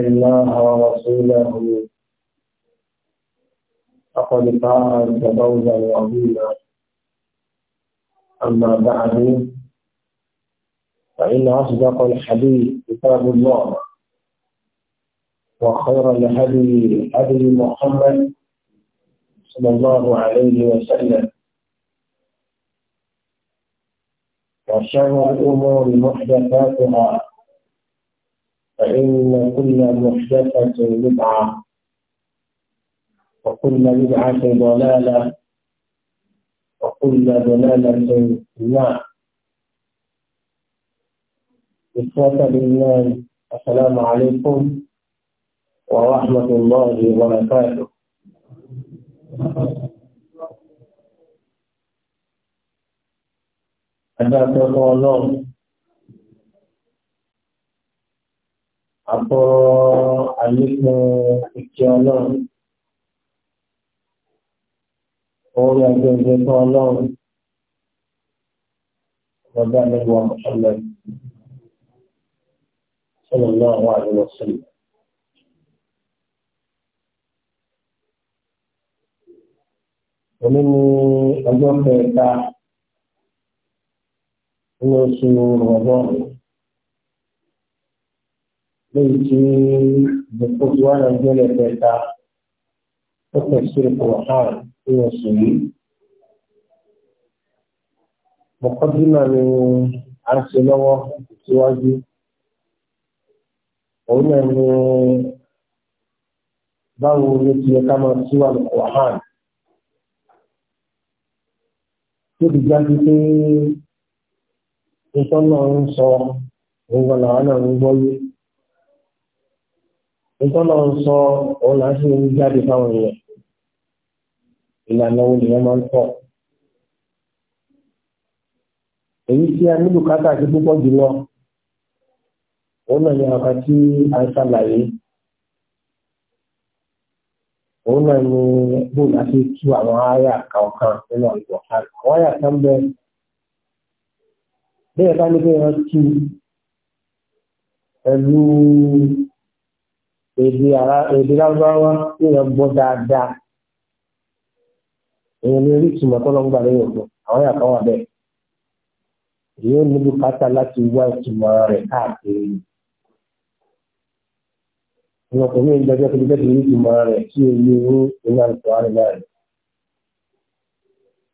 الله ورسوله فقد فاز فوزا عظيما أما بعد فإن أصدق الحديث كتاب الله وخير الهدي هدي محمد صلى الله عليه وسلم وشر الأمور محدثاتها فإن كل محدثة بدعة وكل بدعة ضلالة وكل ضلالة في إخوة الإيمان السلام عليكم ورحمة الله وبركاته أدعو الله àtọ́ àlékún ìkẹ́ ọlọ́run orí ọjọ́ ìjọ fún ọlọ́run ọgbà nígbà ọ̀ṣọ́lẹ̀ sọ̀rọ̀ náà wà lọ sílẹ̀. Òní ni ọjọ́ kẹta nínú oṣù Rọ̀bọ́ọ̀nù lẹ́yìn tí ìdìbò tí wà lọ́jọ́ lẹ́gbẹ̀ẹ́ta ó tẹ̀sí ipò hàn ní oṣù yìí. Mọ̀kọ́dúnà ni a ń ṣe lọ́wọ́ síwájú. Òun náà ni báwo ló ti yẹ ká máa tú àlùkò hàn. Tóbi jáde pé ìtọ́nà ń sọ òun gan làwọn náà ń gbọ́ yìí ìtọ́nà ń sọ òun là ń fi omi jáde fáwọn èèyàn ìlànà wo nìyẹn máa ń tọ̀ èyí tí a nílò káta púpọ̀ jùlọ òun náà ni àwọn tí a ń ṣàlàyé òun náà ni bóòlù àti tú àwọn àyà kọ̀ọ̀kan nínú àgbọ̀ àwọn àyà kan bẹ bẹ́ẹ̀ bá ní bẹ́ẹ̀ wọ́n tú pẹ̀lú èdè ara èdè lágbáwá tí wọ́n gbọ́ dáadáa èyí ni orí ìtumọ̀ tó lọ́n gbà lẹ́yìn ọ̀gbọ̀n àwọn yàtọ̀ wà bẹ́ẹ̀ èyí ò ní bùkátà láti wá ìtumọ̀ rẹ̀ káàkiri ìwọ̀n kò ní ìdájọ́ tó gbẹ́dẹ̀ orí ìtumọ̀ rẹ̀ tí o yé ní ìyá ìtọ́ àrẹ náà rẹ̀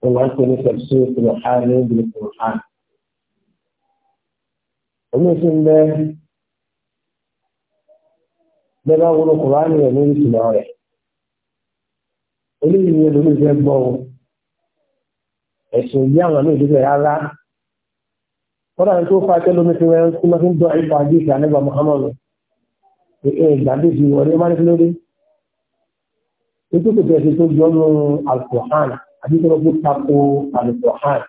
wọ́n máa ń pè ní pẹ̀lú ìpìlẹ̀ ààrẹ ní ìpìlẹ̀ ààrẹ. Omi bẹ́ẹ̀ wọ́n kùránì rẹ̀ lórí ìtumọ̀ rẹ̀ eléyìí ni olórí fẹ́ gbọ́ o ẹ̀sùn yí àwọn olórí fẹ́ rárá kọ́dà tó fa tẹ́lómi fi rẹ̀ kí wọ́n fi ń dọ̀ ẹ̀fọ́ àdéhùn àníbà Muhammadu ẹ̀ gbàdéjì wọlé máa ní lórí nítorí pẹ̀lú tó jọ ní alkohan àti tó lọ́gbọ́ tako alkohan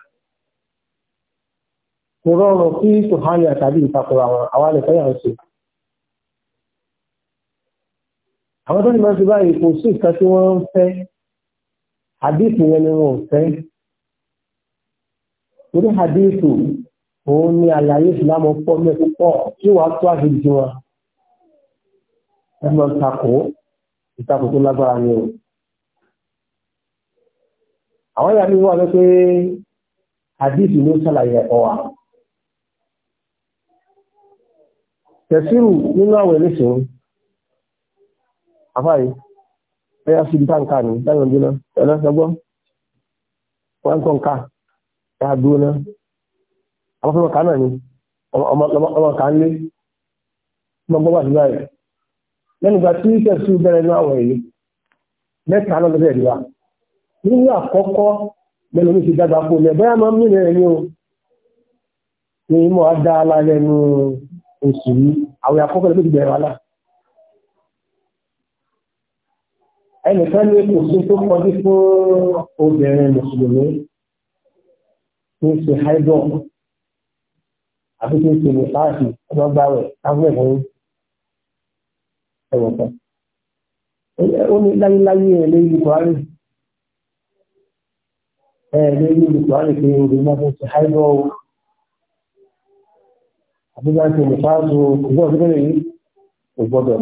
kò rọrùn kí tòhánì àtàbí ìtakùrọ̀ àwọn àwọn àlẹ́fẹ́ yà ń ṣe àwọn tó ní máa ń fi báyìí kò sí ìka tí wọ́n ń fẹ́ àdíìsì yẹn ni wọn ò fẹ́ torí àdíìsì òun ni àlàyé ìsìlámù pọ̀ mẹ́fù pọ̀ tí wàá tó àṣírí sí wọn ẹ máa ń takò ìtakò tó lágbára ni o àwọn ìyá mi wà lọ pé àdíìsì ló ṣàlàyé ẹ̀kọ́ wa tẹ̀síru nínú àwẹ̀ nísìnyí àfáàyè ẹ̀yà sí táǹkà ní táwọn ọdún náà ẹlẹ́sọgbọ́n wọ́n ń kọ́ǹkà ẹ̀yà dúró náà afọ́fẹ́ ọ̀ká náà ni ọmọọ̀ká ń lé gbọ́ngbọ́n wà síbáyé lẹ́nu ìgbà tí tẹ̀sí bẹ̀rẹ̀ ní àwọn èyí mẹ́ta lọ́dọ̀ bẹ̀rẹ̀ wa nínú àkọ́kọ́ lẹ́nu mi ti dàgbà kó lẹ́ bẹ́ẹ̀ máa ń mílẹ̀ rẹ̀ ni o ada mọ̀ á dá alálẹ́nu oṣù yìí àwọn àkọ́kọ́ lẹ́nu ti bẹ̀rẹ̀ wa láà ẹnìkan ní kò tó kọjú fún obìnrin mùsùlùmí tó ṣe haidọ àbí tó ń ṣe nìfàásì ọgbàgbàwẹ káfíńkù ẹwọn kan ó ní láyéláyé ẹ lórí buhari ẹ lórí buhari pé obìnrin tó ṣe haidọ o àbí bá ń ṣe nìfàásì kò gbọ́dọ̀ sí